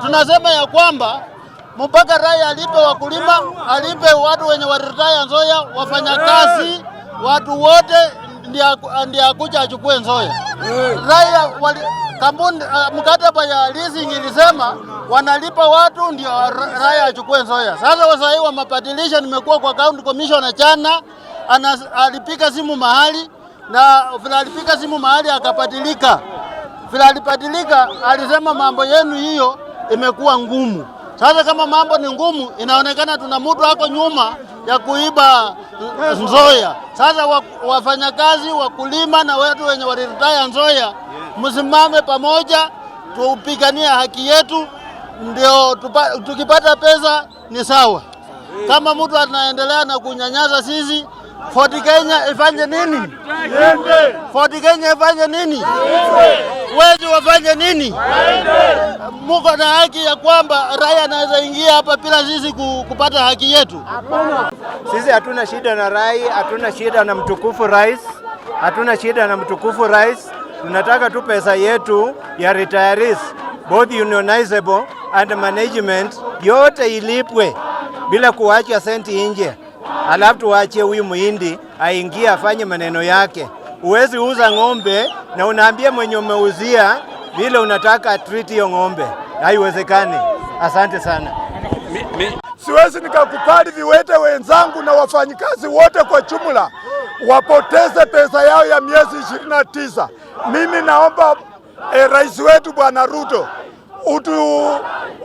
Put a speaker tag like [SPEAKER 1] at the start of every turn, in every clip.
[SPEAKER 1] Tunasema ya kwamba mpaka rai alipe wakulima, alipe watu wenye waritaya Nzoya, wafanyakazi, watu wote ndiye akuja achukue Nzoya. Rai kampuni uh, mkataba ya leasing ilisema wanalipa watu ndio raia achukue Nzoya. Sasa wasahi wamebadilisha. Nimekuwa kwa county commissioner jana, alipika simu mahali na vile alipika simu mahali akabadilika, vile alibadilika, alisema mambo yenu hiyo imekuwa ngumu. Sasa kama mambo ni ngumu, inaonekana tuna mtu hako nyuma ya kuiba Nzoia. Sasa wafanyakazi, wakulima na watu wenye waliritaya Nzoia, msimame pamoja, tuupigania haki yetu, ndio tukipata pesa ni sawa. Kama mtu anaendelea na kunyanyasa sisi, Fort Kenya ifanye nini? Fort Kenya ifanye nini? Wezi wafanye nini? muko na haki ya kwamba raia anaweza ingia hapa bila sisi kupata haki yetu.
[SPEAKER 2] Sisi hatuna shida na rai hatuna shida na mtukufu rais, hatuna shida na mtukufu rais. Tunataka tu pesa yetu ya retirees, both unionizable and management, yote ilipwe bila kuwacha senti nje, alafu tuache huyu muhindi aingie afanye maneno yake. Uwezi uza ng'ombe na unaambia mwenye umeuzia vile unataka treat hiyo ng'ombe, haiwezekani.
[SPEAKER 3] Asante sana.
[SPEAKER 4] Siwezi nikakupali viwete wenzangu na wafanyikazi wote kwa jumla wapoteze pesa yao ya miezi ishirini na tisa. Mimi naomba eh, rais wetu bwana Ruto utu,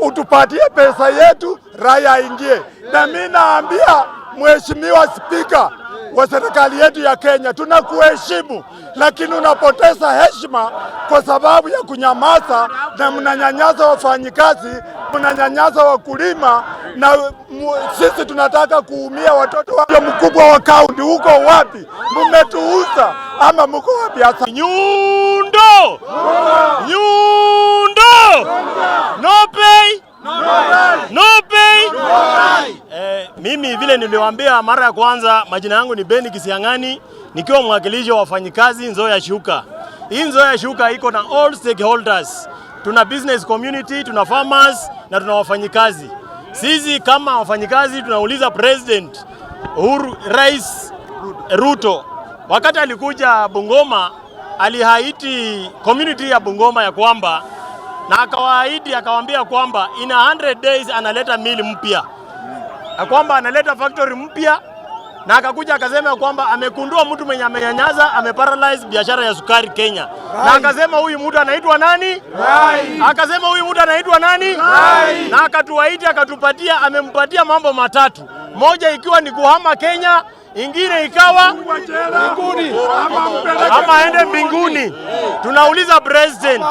[SPEAKER 4] utupatie pesa yetu, raya aingie. Na mi naambia mheshimiwa Spika, wa serikali yetu ya Kenya, tunakuheshimu, lakini unapoteza heshima kwa sababu ya kunyamaza, na mnanyanyaza wafanyikazi, mnanyanyaza wakulima, na sisi tunataka kuumia watoto wao. Mkubwa wa kaunti, uko wapi? Mmetuuza ama mko wapi hasa?
[SPEAKER 5] Nyundo,
[SPEAKER 6] nyundo,
[SPEAKER 5] no Mimi vile niliwaambia mara ya kwanza, majina yangu ni Beni Kisiangani, nikiwa mwakilishi wa wafanyikazi Nzoia Shuka. Hii Nzoia Shuka iko na all stakeholders, tuna business community, tuna farmers na tuna wafanyikazi. Sisi kama wafanyikazi tunauliza president Uhuru, Rais Ruto wakati alikuja Bungoma alihaiti community ya Bungoma ya kwamba na akawaahidi akawaambia kwamba in 100 days analeta mili mpya na kwamba analeta factory mpya, na akakuja akasema kwamba amekundua mtu mwenye amenyanyaza ameparalyze biashara ya sukari Kenya, na akasema huyu mtu anaitwa nani?
[SPEAKER 6] Rai.
[SPEAKER 5] Akasema huyu mtu anaitwa nani?
[SPEAKER 6] Rai.
[SPEAKER 5] Na akatuwaita akatupatia, amempatia mambo matatu, moja ikiwa ni kuhama Kenya ingine ikawa
[SPEAKER 6] mbinguni
[SPEAKER 5] ama aende mbinguni. Tunauliza president,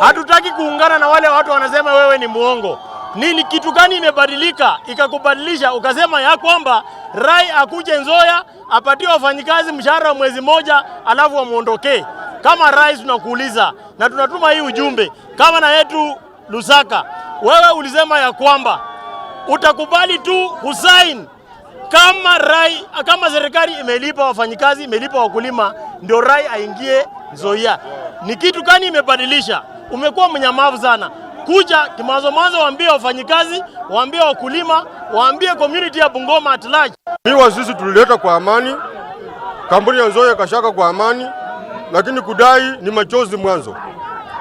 [SPEAKER 5] hatutaki kuungana na wale watu wanasema wewe ni muongo. Nini kitu gani imebadilika ikakubadilisha ukasema ya kwamba Rai akuje Nzoia apatie wafanyikazi mshahara wa mwezi moja alafu amwondokee Kama Rai tunakuuliza na tunatuma hii ujumbe kama na yetu Lusaka, wewe ulisema ya kwamba utakubali tu kusaini kama Rai, kama serikali imelipa wafanyikazi, imelipa wakulima, ndio Rai aingie Nzoia. Ni kitu gani imebadilisha? Umekuwa mnyamavu sana kuja kimazo mwanzo, waambie wafanyikazi, waambie wakulima, waambie community ya Bungoma at large.
[SPEAKER 7] Miwa sisi tulileta kwa amani, kampuni ya Nzoia kashaka kwa amani, lakini kudai ni machozi mwanzo.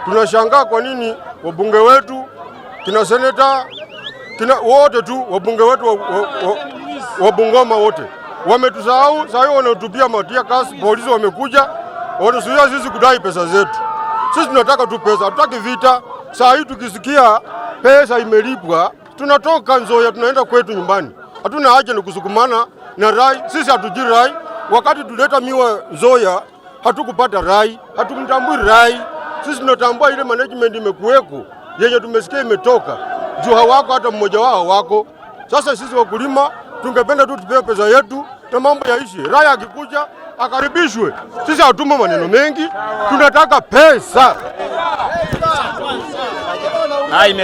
[SPEAKER 7] Tunashangaa kwa nini wabunge wetu kina seneta kina wote tu wabunge wetu wa, wa, wa, wa Bungoma wote wametusahau. Saa hiyo wanatupia matia kasi, polisi wamekuja wanatuzuia sisi kudai pesa zetu. Sisi tunataka tu pesa, hatutaki vita. Saa hii tukisikia pesa imelipwa, tunatoka Nzoia tunaenda kwetu nyumbani. Hatuna haja ni kusukumana na rai. Sisi hatuji rai, wakati tuleta miwa Nzoia hatukupata rai, hatumtambui rai. Sisi tunatambua ile management imekuweko yenye tumesikia imetoka juu, hawako hata mmoja wao hawako. Sasa sisi wakulima tungependa tu tupewe pesa yetu na mambo yaishi. Rai akikuja akaribishwe. Sisi hatuma maneno mengi, tunataka pesa. Ay, me